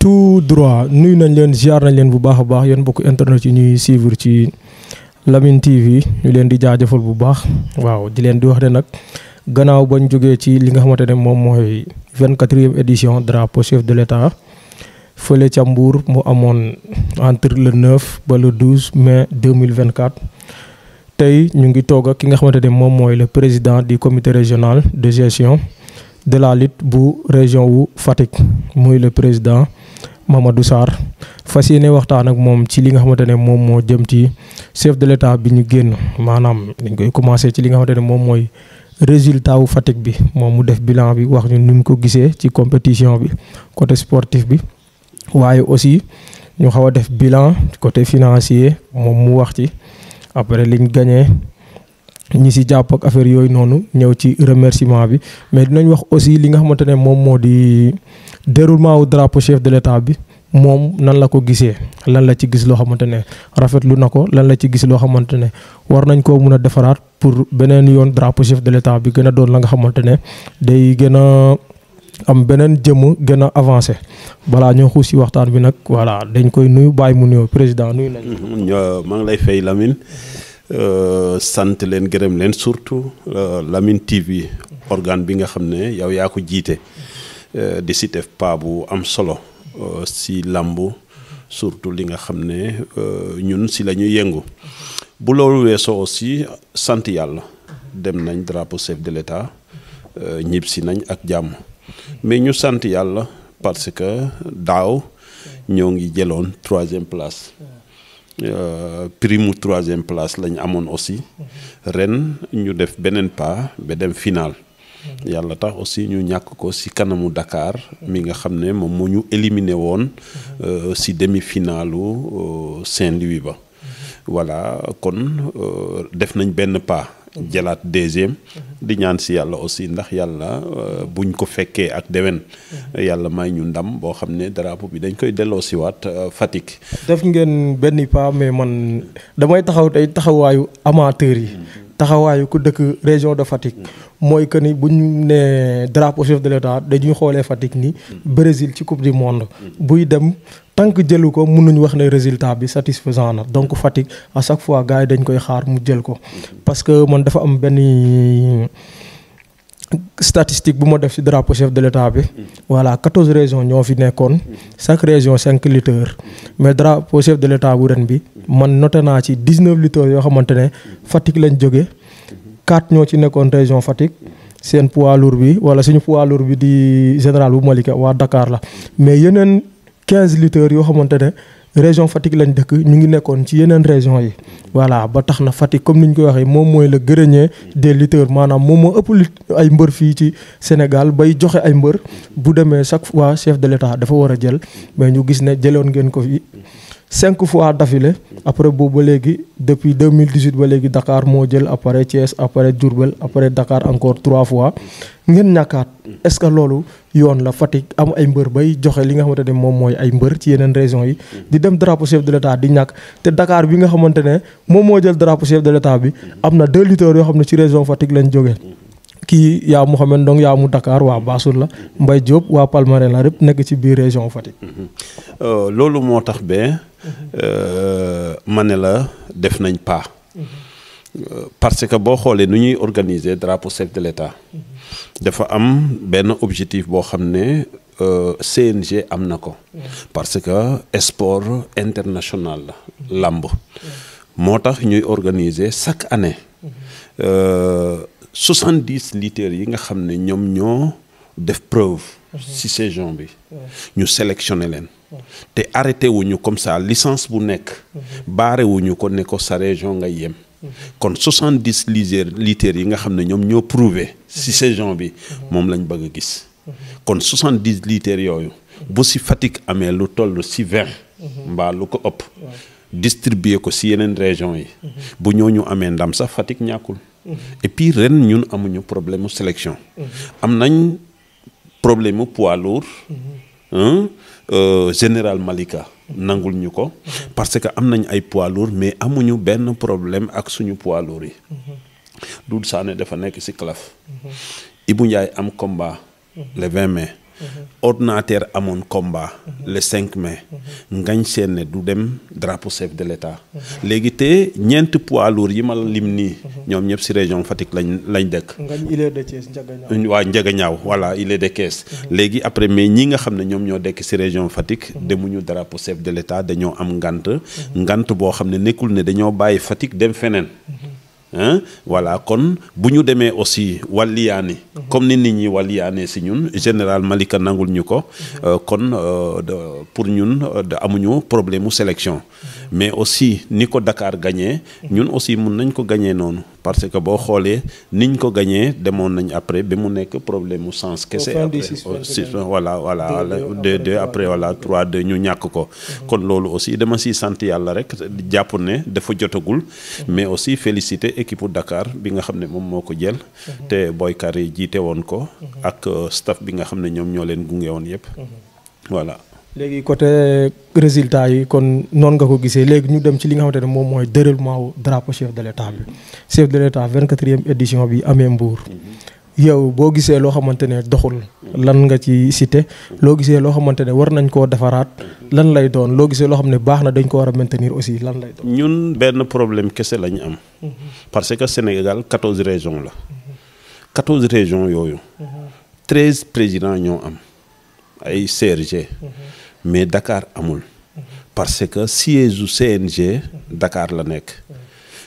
tout droit nuyu nañ leen ziar nañ leen bu baax a baax yéen mbokk internet yi ñuy suivre ci Lamyn TV ñu leen di jaajëfal bu baax waaw di leen di wax ne nag gannaaw bañ jógee ci li nga xamante ne moom mooy vingt quatrième édition drapeau chef de l'état fële ca Mbour mu amoon entre le 9 ba le 12 mai 2024 tey ñu ngi toog ak ki nga xamante ne moom mooy le président du comité régional de gestion de la lutte bu région wu Fatick le président Mamadou Sarr ak ci li nga ne chef de l'état bi ñu manam dañ koy commencé ci li nga résultat def bilan bi wax ñu ko ci compétition bi côté sportif bi aussi ñu def bilan côté financier mom mu wax gagné. ñi si jàpp ak affaire yooyu noonu ñëw ci remerciement bi mais dinañ wax aussi li nga xamante ne moom moo di déroulement wu drapeau chef de l'état bi moom nan la ko gisee lan la ci gis loo xamante ne rafetlu na ko lan la ci gis loo xamante ne war nañ koo mun a defaraat pour beneen yoon drapeau chef de l'état bi gën a doon la nga xamante ne day gën a am beneen jëm gën a avancé balaa ñoo xuus si waxtaan bi nag voilà dañ koy nuyu bàyyi mu nuyoo président nuyu nañ. Mm-hmm. maa ngi lay fay Lamine. Euh, sant leen gërëm leen surtout euh, Lamyn TV organe bi nga xam ne yow yaa ko jiite euh, di si def pas bu am solo si làmb surtout li nga xam ne ñun si la ñuy yëngu bu loolu weesoo aussi sant yàlla dem nañ drapeau chef de l'état ñib si nañ ak jàmm mais ñu sant yàlla parce que daaw ñoo ngi jëloon troisième place Euh, prix mu troisième place lañ amoon aussi ren ñu def beneen pas ba dem final yàlla tax aussi ñu ñàkk ko si kanamu Dakar mi nga xam ne moom moo ñu éliminé woon euh, si demi-finalu euh, Saint-Louis ba voilà kon def nañ benn pas jalaat deuxième di ñaan si yàlla aussi ndax yàlla euh, buñ ko fekkee ak déwén yàlla may ñu ndam boo xam ne drapeau bi dañ koy delloo siwaat euh, Fatick def ngeen benn pas mais man damay taxaw tey taxawaayu amateur yi taxawaayu ku dëkk région de Fatick mooy que ni bu ñu nee drapeau chef de l'État dañuy xoolee Fatick ni Brésil ci coupe du monde buy dem tant jëlu ko mënuñ wax ne résultat bi satisfaisant na donc Fatick à chaque fois gars yi dañ koy xaar mu jël ko parce que man dafa am benn statistique bu ma def ci drapeau chef de l'état bi mm-hmm. voilà quatorze régions ñoo fi nekkoon mm-hmm. chaque région cinq lutteurs mm-hmm. mais drapeau chef de l'état bu ren bi man noté naa ci dix neuf lutteurs yoo xamante ne Fatick lañ jóge quatre ñoo ci nekkoon région Fatick seen poids lourd bi wala suñu poids bi di général bu Malika waa Dakar la mais yeneen quinze lutteurs yoo xamante région Fatick lañ dëkk ñu ngi nekkoon ci yeneen région yi voilà ba tax na Fatick comme ni ñu koy waxee moom mooy la gërëñee des lutteurs maanaam moom moo ëpp lit ay mbër fii ci Sénégal bay joxe ay mbër bu demee chaque fois chef de l'État dafa war a jël mais ñu gis ne jëloon ngeen ko fi cinq fois d'affilée après boobu ba léegi depuis mille 2018 ba léegi dakaar moo jël après Thiès après Diourbel après Dakar encore trois fois ngeen ñàkkaat est-ce que loolu yoon la Fatick am ay mbër bay joxe li nga xamante ne moom mooy ay mbër ci yeneen régions yi di dem drapeau chef de l'État di ñàkk te dakaar bi nga xamante ne moom moo jël drapeau chef de l'État bi am na deux yoo xam ne ci région Fatick lañ jóge kii yaa Mouhamed Ndong yaa mu dakaar waa Bassoul la Mbaye Diop waa Palmarin la rëpp nekk ci biir région Fatick. Mhm. Euh, loolu moo tax ba euh, ma ne la def nañ pas. Euh, parce que boo xoolee nu ñuy organiser drapeau chef de dafa am benn objectif boo xam ne CNG am na ko parce que sport international la làmb moo tax ñuy organiser chaque année 70 litres yi nga xam ne ñoom ñoo def preuve mhm. ci saison bi mhm. ñu sélectionné leen mhm. te arrêté wuñu comme ça licence bu nekk baare wuñu ko ne ko sa région nga yem kon 70 litres litres yi nga xam ne ñoom ñoo prouvé ci saison bi moom lañ bëgg a gis kon 70 litres yooyu bu ci Fatick amee lu toll ci 20 mbaa lu ko ëpp distribuer ko ci yeneen région yi bu ñooñu amee ndam sax Fatick ñàkkul et ren ñun amuñu problème mu sélection. am nañ problème mu poids lourd. Euh, général Malika. nangul ñu ko. parce que am nañ ay poids lourd mais amuñu benn problème ak suñu poids lourd yi. Doudou Sané dafa nekk ci calaf. Ibou Ndiaye am combat. le 20 mai. ordinateur amoon combat le cinq mais ngañ seen ne du dem drapeau chef de l'état léegi te ñeenti poids lourds yi ma lim nii ñoom ñëpp si région Fatick lañ lañ dëkk waa Njagañaaw voilà il est de Thiès léegi après mais ñi nga xam ne ñoom ñoo dekk si région Fatick demuñu drapeau chef de l'état dañoo am ngant ngant boo xam ne nekkul ne dañoo bàyyi Fatick dem feneen Hein? voilà kon buñu démé aussi wàlliyaani mhm. comme ni nit ñi wàlliyaane si ñun général Malika nangul ñuko mhm. euh, kon euh, pour ñun euh, amuñu problème mu sélection mhm mais aussi Nico Dakar gagné ñun aussi nous nañ ko gagné parce que bo xolé niñ ko gagné avons nañ après mu problème sens après voilà voilà deux après voilà trois deux ñu ñak ko mhm. kon aussi dama si santé yalla rek japp ne dafa jotagul mhm. mais aussi féliciter équipe Dakar bi nga xamné mom moko jël mhm. te ak euh, staff bi nga xamné ñom ñoleen voilà léegi côté résultat yi kon noonu nga ko gisee léegi ñu dem ci li nga xamante ne moom mooy déroulement wu drapeau chef de l' état bi chef de l' état 24 édition bi amee Mbour. yow boo gisee loo xamante ne doxul lan nga ci cité loo gisee loo xamante ne war nañ koo defaraat lan lay doon loo gisee loo xam ne baax na dañ ko war a maintenir aussi lan lay doon. ñun benn problème kese la am. parce que Sénégal 14 régions la. 14 régions yooyu. 13 ñoo am ay CRG. mais Dakar amul parce que si si au CNG Dakar la nek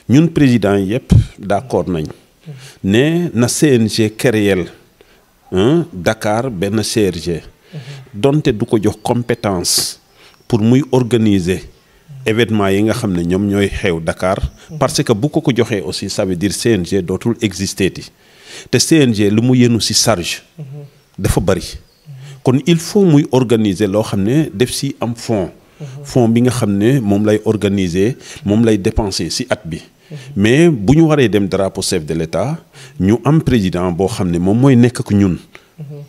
ñun président yëpp d'accord nañ né na CNG réel. Hein, Dakar ben CRG donté du ko jox compétence pour muy organiser événement yi nga xamné ñom ñoy Dakar parce que beaucoup ko ko aussi ça veut dire CNG dootul exister ti CNG lu mu yenu ci charge dafa bari kon il faut muy organiser lo xamné def ci am fond fond bi nga xamné mom lay organiser mom lay dépenser si at bi. mais buñu waré dem drapeau chef de l'État ñu am président bo xamné ne moy nek nekk ak ñun.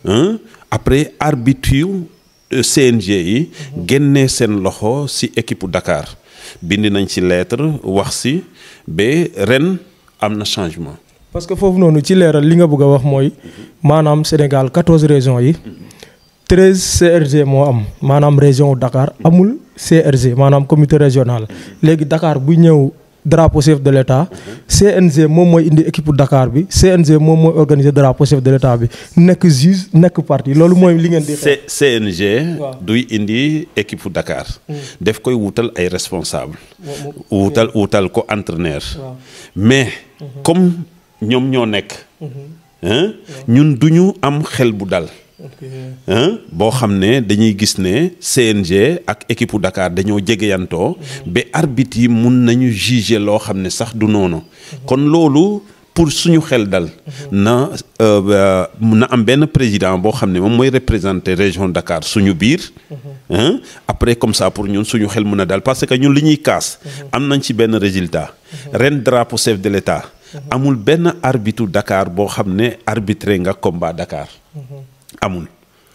Hein? après arbitre euh, CNG yi. génné sen loxo si équipe Dakar bind nañ ci lettre wax si ba ren amna changement. parce que fofu nonu ci leeral li nga bëgg wax moy manam Sénégal 14 régions yi. 13 CRG moi, am manam région Dakar amul CRG manam comité régional légui Dakar bu ñew drapeau chef de l'État, CNG mom moy indi équipe Dakar bi CNG mom moy organiser drapeau chef de l'État, bi nek juge nek parti lolu moy li ngeen di. CNG. duy indi équipe Dakar. Hmm. def koy woutal ay responsable woutal woutal ko entraîneur. mais hmm. comme ñom ñoo hmm. hein ñun du am xel bu dal. boo xam ne dañuy gis ne CNG ak équipe u Dakar dañoo jegeyantoo mhm. ba arbitre yi mun nañu juger loo xam ne sax du noonu mhm. kon loolu pour suñu xel dal mhm. na euh, euh, na am benn président boo xam ne moom mooy représenter région Dakar suñu biir après comme ça pour ñun suñu xel mën a dal parce que ñun li ñuy kaas am nañ ci benn résultat ren drapeau chef de l'État amul benn arbitre Dakar boo xam ne arbitré nga combat Dakar amul.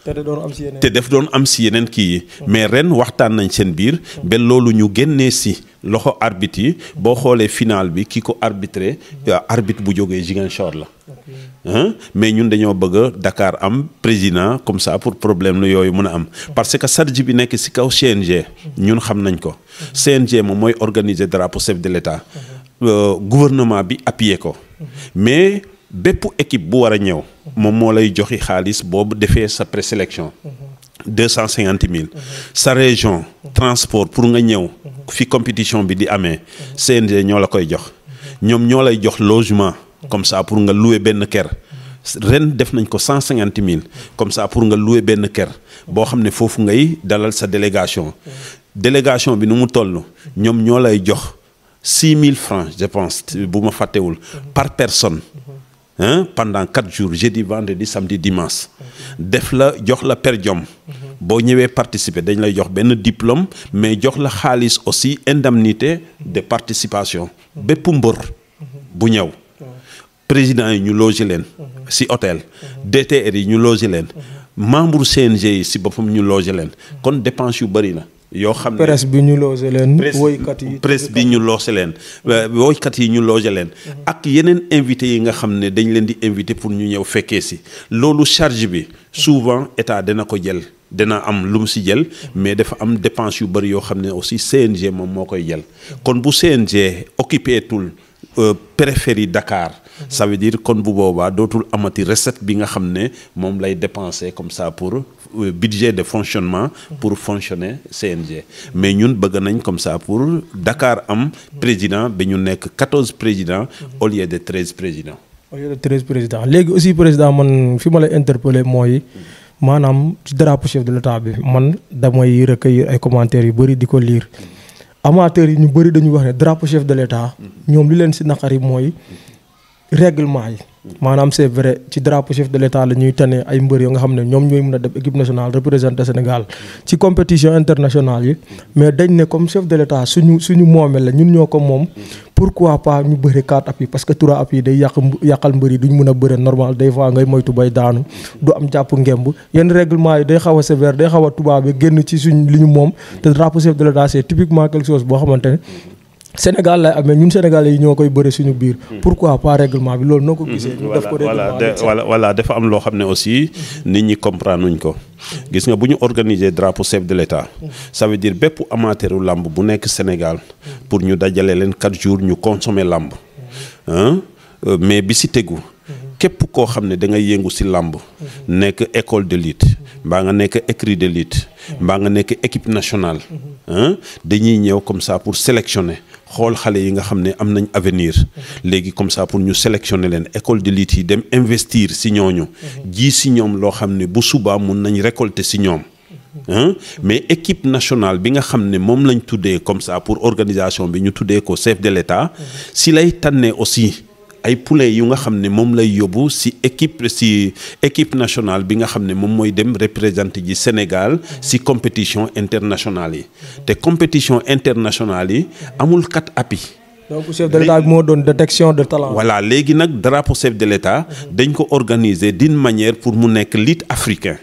te daf doon am si yeneen doon am si yeneen kii yi. Hmm. mais ren waxtaan nañ seen biir. Hmm. ba loolu ñu génnee si loxo arbitre yi hmm. boo xoolee final bi ki ko arbitré euh, arbitre bu jógee Ziguinchor la. mais ñun dañoo bëgg dakaar am président comme ça pour problème la yooyu mën a am parce que sarji bi nekk ci kaw CNG ñun xam nañ ko CNG moom mooy organiser drapeau chef de l'État euh, gouvernement bi appuyé ko mais bépp équipe bu war a ñëw moom moo lay sa présélection 250 000 sa région transport pour nga ñëw fi compétition bi di amee CND ñoo la koy jox ñoom ñoo lay jox logement comme ça pour nga louer benn ker ren def nañ 150 000 comme ça pour nga louer benn ker boo xam ne foofu ngay dalal sa délégation délégation bi nu fait. toll ñoom ñoo 6 000 francs je pense par personne Hein, pendant 4 jours jeudi vendredi samedi dimanche def la jox la perdiom bo boo participer dañ lay jox un diplôme mais jox la xaliss aussi indemnité de participation bépp mbër bu ñëw président yi ñu loger len ci hôtel DTR yi ñu loger len membre CNG yi ci boppam ñu loger len kon dépense yu bari na yoo xam ne presse bi ñu loose leen. woykat yi presse ñu loose leen euh, woykat yi ñu loose leen. Mhm. ak yeneen invité yi nga xam ne dañ leen di invité pour ñu ñëw fekkee si loolu charge bi mhm. souvent état dana ko jël. dana am lu mu si jël mhm. mais dafa am dépense yu bëri yoo xam ne aussi CNG moom moo koy jël kon bu CNG occupé Euh, périphérie Dakar. ça veut dire qu'on vous peut pas, amati recette bi nga xam ne dépenser comme ça pour euh, budget de fonctionnement. pour fonctionner CNG. mais ñun bëgg nañ comme ça pour Dakar am président bi ñu que quatorze présidents au lieu de 13 présidents. au lieu de 13 présidents léegi aussi président man fi ma lay interpeller mooy. maanaam ci drapeau chef de l'état bi man damay recueillir ay commentaires yu bëri di de lire. amateurs yi ñu bëri dañuy wax ne drapeau chef de l' état mm-hmm. ñoom li leen si naqari mooy mm-hmm. règlement yi. maanaam c'est vrai ci drapeau chef de l'état la ñuy ay mbër yoo nga xam ne ñoom ñooy mën a def équipe nationale représenter Sénégal ci compétition internationale yi. mais dañ ne comme chef de l'état suñu suñu moomeel la ñun ñoo ko moom. pourquoi pas ñu bëri quatre appuis parce que trois appuis day yàq yàqal mbër yi duñ mën a bëre normal des fois ngay moytu bay daanu. du am jàpp ngemb yenn règlement yi day xaw a day xaw a tubaab bi génn ci suñ li ñu moom te drapeau chef de l'état boo xamante ne Sénégal la amee ñun Sénégalais yi ñoo bëre suñu biir. Hmm. pourquoi pas règlement bi loolu noko gisé hmm. gisee. ñu def ko Voilà, voilà dafa am lo xamné aussi hmm. nit ñi comprendre nuñ ko. gis nga bu ñu organiser drapeau chef de l'État. ça veut dire bépp amateuru lamb bu nekk Sénégal. pour ñu dajalé len 4 jours ñu consommer hein? Euh, mais bi ci téggu képp koo xam ne da ngay yëngu si lamb nekk école de lutte. mbaa nga nekk écrit de lutte. mbaa nga nekk équipe nationale. Hein? dañuy ñëw comme ça pour sélectionner xool xalé yi nga xamné am nañ avenir légui comme ça pour ñu sélectionner len école de lutte yi dem investir si ñooñu ji si ñom lo xamné bu suba mun nañ récolter si hein mais équipe nationale bi nga xamné mom lañ tuddé comme ça pour organisation bi ñu tuddé ko chef de l'État si lay tanné aussi ay poulain yu nga xamné mom lay yóbbu ci équipe ci équipe nationale bi nga xamné mom moy dem représenter ji Sénégal ci compétition internationale yi compétition internationale yi amul kat api donc chef de l'état mo doon détection de talent. voilà légui nak drapeau chef de l'état dañ ko organiser d'une manière pour mu nek lit africain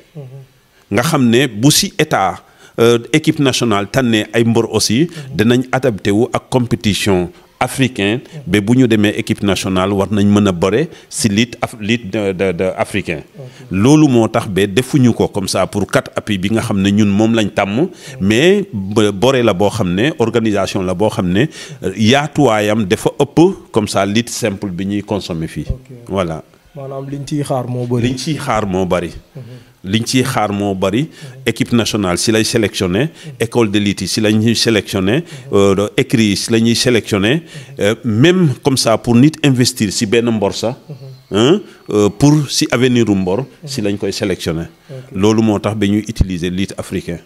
nga xamné ne bu si état euh, équipe nationale tànnee ay mbor aussi danañ adapté wu ak compétition africain ba bu ñu équipe nationale war nañ a de africain defuñu comme ça pour quatre bi nga xamné ñun mom lañ mais les la bo xamné organisation la bo xamné comme ça simple bi consommer voilà manam liñ ciy xaar mo bari liñ ciy xaar mo bari liñ ciy xaar mo bari équipe nationale si lay sélectionné. école d'élite euh, si la ñuy sélectionné. écrit si la ñuy sélectionné. même comme ça pour nit investir si benn bourse, hein. Euh, pour si avenir mbor. si lañ koy sélectionné. loolu moo tax ba utiliser lutte africain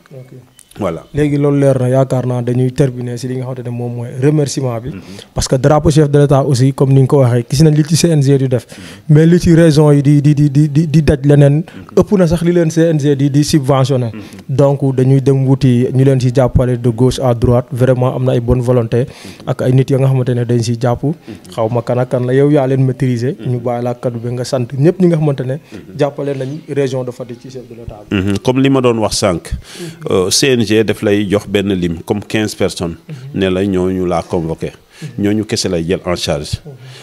voilà légui loolu leer na yaakaar naa dañuy terminer si li nga xam ne moom mooy remerciement bi. parce que drapeau chef de l'État aussi comme ni nga ko waxee gis nañ li ci CNG di def. mais li ci raison yi di di di di di daj leneen. ëpp na sax li leen CNG di di subventionné. donc dañuy dem wuti ñu leen si jàppale de gauche à droite vraiment am na ay bonne volonté. ak ay nit ya nga xamante ne dañ siy jàpp. xaw ma kan ak kan la yow yaa leen maîtriser. ñu bàyyi la kaddu bi nga sant ñëpp ñi nga xamante ne. jàppale nañ région de Fatick ci chef de l'État bi. Mhm. comme li ma doon wax sànq. Euh, j'ai def comme 15 personnes mhm. Nous la convoqué la ñoo ñu kese lay jël en charge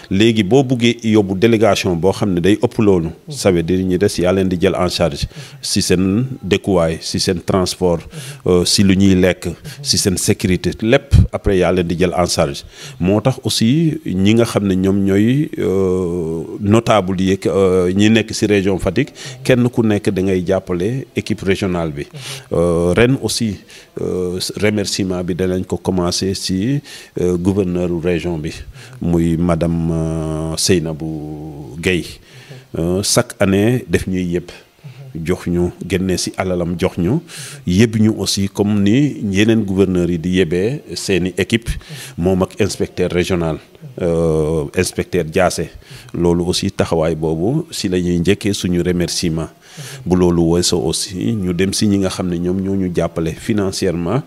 léegi boo buggee yóbbu délégation boo xam ne day ëpp loolu ça veut dire ñu des yaa leen di jël en charge si seen dëkkuwaay si seen transport euh, si lu ñuy lekk si seen sécurité lépp après yaa leen di jël en charge moo tax aussi ñi nga xam ne ñoom ñooy euh, notable yi euh, ñi nekk si région Fatick kenn ku nekk da ngay jàppale équipe régionale bi ren aussi remerciement bi danañ ko commencé si gouverneur région bi muy madame euh, Seynabou gay euh, chaque année def ñuy alalam aussi comme ni gouverneurs yi di c'est une équipe mon inspecteur régional euh, inspecteur lolo aussi taxaway bobu si la suñu remerciement bu aussi nous dem ñi nga financièrement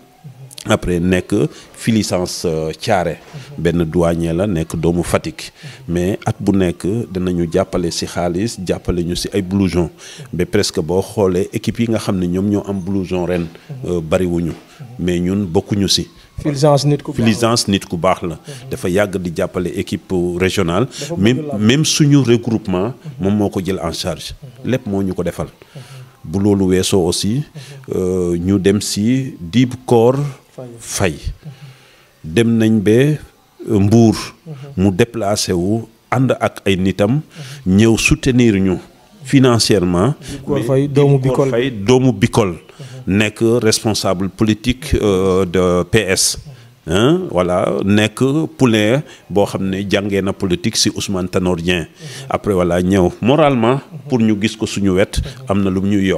après nek fi licence euh, Thiaré mhm. benn douanier la nek doomu fatik mhm. mais at bu nek danañu jappalé si xaliss jàppale ñu si ay blouson mhm. ba presque bo xolé équipe yi nga xamné ñom ñoo am blouson ren euh, wuñu mais ñun bokkuñu si Filisance nit ku Filisance nit ku bax la. dafa yag di jappalé équipe régionale. même même suñu regroupement. mom moko jël en charge. lepp moo ñu ko defal. bu loolu weesoo aussi euh, ñu dem si deep corps. fay dem nañ ba mbuur mhm. mu déplacé wu ànd ak ay nitam ñëw soutenir ñu financièrement mais Bikor Faye doomu Bikol mhm. nekk responsable politique euh, de PS Hein? voilà nek poulain bo xamné ne na politique si Ousmane Tanorien mhm. après voilà ñew moralement pour ñu gis ko suñu wet mhm. amna na lu mu mhm.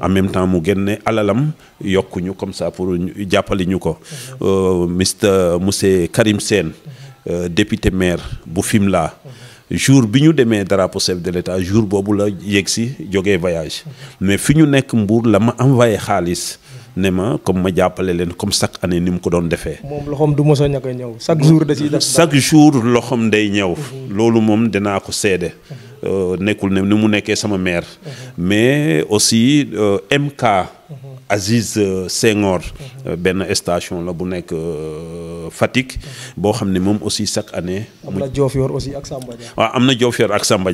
en même temps mu génné alalam ñu comme ça pour jàppale ñu ko euh, mister monsieur Karim Sen euh, député maire bu la jour bi ñu demee drapeau chef de l'état jour bobu la yexi si voyage mais fi ñu nekk Mbour la ma envoyé xaliss ne ma comme ma jàppale leen comme chaque année ni mu ko doon defee. moom loxoom du mos a a ñëw chaque jour da ciy def chaque loxoom day ñëw. Mhm. loolu moom dinaa ko seede. Mhm. Euh, nekkul ne ni mu nekkee sama maire. Mhm. mais aussi euh, MK. Aziz euh, Senghor. benn station la bu nekk Fatick. boo xam ne moom aussi chaque année. am na Diofior aussi ak Samba am na Diofior ak Samba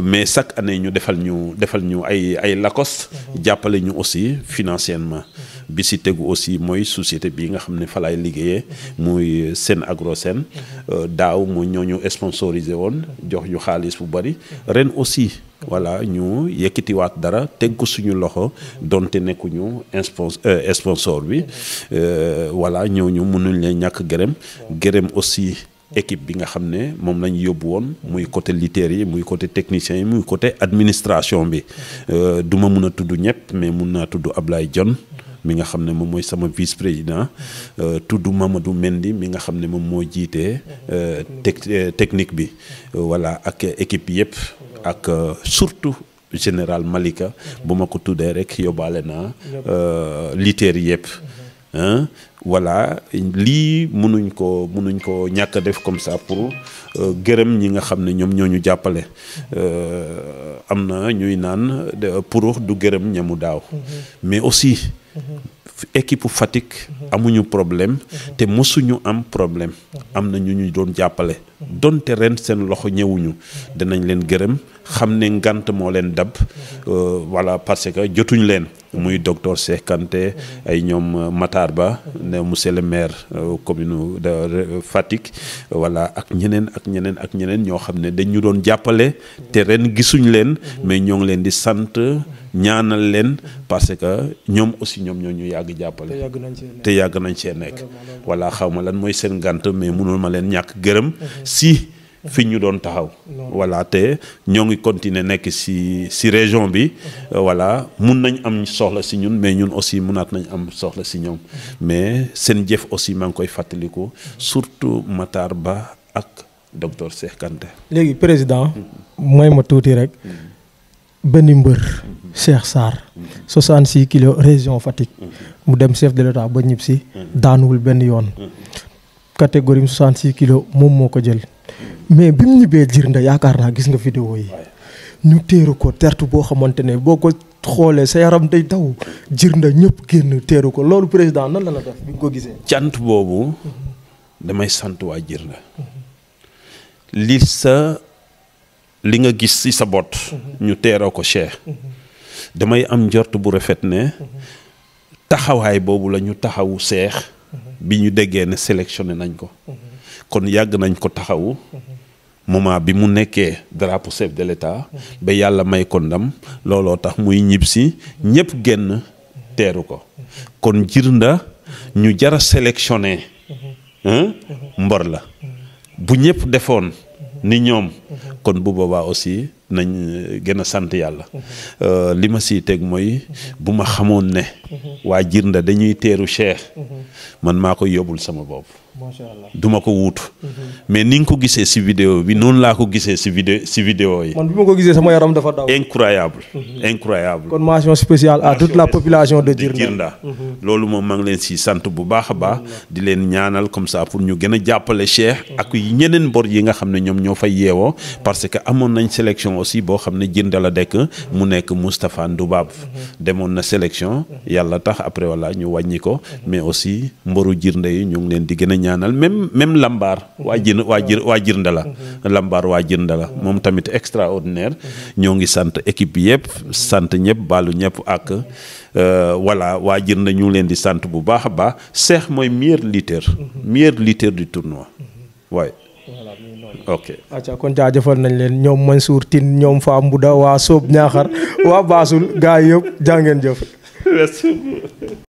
mais chaque année ñu defal ñu defal ñu ay ay lakos. jàppale ñu aussi financièrement. bi si tegu aussi mooy société bi nga xam ne fa liggéeyee muy seen Agro Sen daaw mooy ñoo ñu sponsorisé woon jox ñu xaalis bu bari ren aussi voilà ñu yëkkatiwaat dara teg ko suñu loxo donte nekkuñu euh, sponsor bi euh, voilà ñooñu mënuñ leen ñàkk gërëm gërëm aussi équipe bi nga xam ne moom lañ yóbbu woon muy côté littér yi muy côté technicien yi muy côté administration bi euh, du ma mun a tudd ñëpp mais mun naa tudd ab Ablaye jon mi nga xamne mom moy sama vice président euh, tuddu Mamadou mendi mi nga xamne mom mo jité euh, euh technique bi euh, voilà ak équipe ak surtout général Malika buma ko tuddé rek euh litère littéer hein voilà li mënuñ ko mënuñ ko ñak def comme ça pour gërëm ñi nga xamne ñom ñoñu jappalé euh amna ñuy naan pour du gërëm ñamu daw mm-hmm. mais aussi équipe Fatick amuñu problème te mosuñu am problème am na ñu ñu doon jàppale donte ren seen loxo ñëwuñu danañ leen gërëm xam ne ngant moo leen dab euh, voilà parce que jotuñ leen muy docteur Cheikh Kanté ay ñoom euh, Matar Ba monsieur le maire euh, commune de Fatick ak ñeneen ak ñeneen ak ñeneen ñoo xam ne dañu doon jàppale te ren gisuñ leen mais ñoo ngi leen di sant ñaanal leen parce que ñoom aussi ñoom ñoo ñu yàgg jàppale te yàgg nañ see nekk voilà xawma lan mooy seen gànt mais mënul ma leen ñàkk gërëm mhm. si fi ñu doon taxaw voilà te ñoo ngi continuer nekk si si région bi voilà mun nañ am soxla si ñun mais ñun aussi munaat nañ am soxla si ñoom mais seen jëf aussi maa ngi koy fàttaliku surtout Matar Ba ak docteur Cheikh Kanté léegi président mooy ma tuuti rek benn mbër Cheikh Sarr 66 kilo région Fatick mu dem chef de l'état ba ñib si daanuwul benn yoon catégorie 66 kilo moom moo ko jël mais bi mu ñibbee Jirnda yaakaar naa gis nga vidéo yi ñu teeru ko tertu boo xamante ne boo ko xoolee sa yaram day daw Jirnda ñëpp génn teeru ko loolu président nan la la def bi nga ko gisee. cant boobu damay sant waa Jirnda li sa li nga gis ci sa bot ñu teeroo ko Cheikh damay am njort bu rafet ne taxawaay boobu la ñu taxawu Cheikh bi ñu déggee ne sélectionné nañ ko. kon yàgg nañ ko taxawu. moment bi mu nekkee drapeau chef de l'État. ba yàlla may ko ndam looloo tax muy ñibbisi ñëpp génn teeru ko. kon Jirnda ñu jar a sélectionné. mbor la. bu ñëpp defoon. ni ñoom. kon bu boobaa aussi nañ euh, gën a sant yàlla. Euh, li ma siy teg mooy bu ma xamoon ne. waa Jirnda dañuy teeru Cheikh. man maa ko yóbbul sama bopp. duma ko wuutu mhm. mais ni nga ko gisee si vidéo bi noonu laa ko gisee si vidéo si vidéo yi man incroyable mhm. incroyable kon mention spéciale à toute la population de Djirnda mhm. loolu moom maa ngi leen si sant bu baax a baax di leen ñaanal comme ça pour ñu gën a jàppale Cheikh ak ñeneen bor yi nga xam ne ñoom ñoo fay yeewoo parce que amoon nañ sélection aussi boo xam ne Djirnda la dekk mu nekk Moustapha Ndoubab demoon na sélection yàlla tax après wala ñu wàññi ko mais aussi di gën a ñaanal même même Lambar. waa jir waa jir waa Jirndala. Mhm. lambaar waa la mhm. moom tamit extraordinaire. Mhm. ñoo ngi sant équipe yëpp sant ñëpp baalu ñëpp ak euh, voilà waa Jirnda ñu leen di sant bu baax a baax Cheikh mooy meilleur lutteur. meilleur lutteur du tournoi waaye. ok acca kon jaajëfal nañ leen ñoom Mansour Tine ñoom Fa Mbouda waa Soob Ñaaxar waa Baasul gaa yëpp jàngeen jëf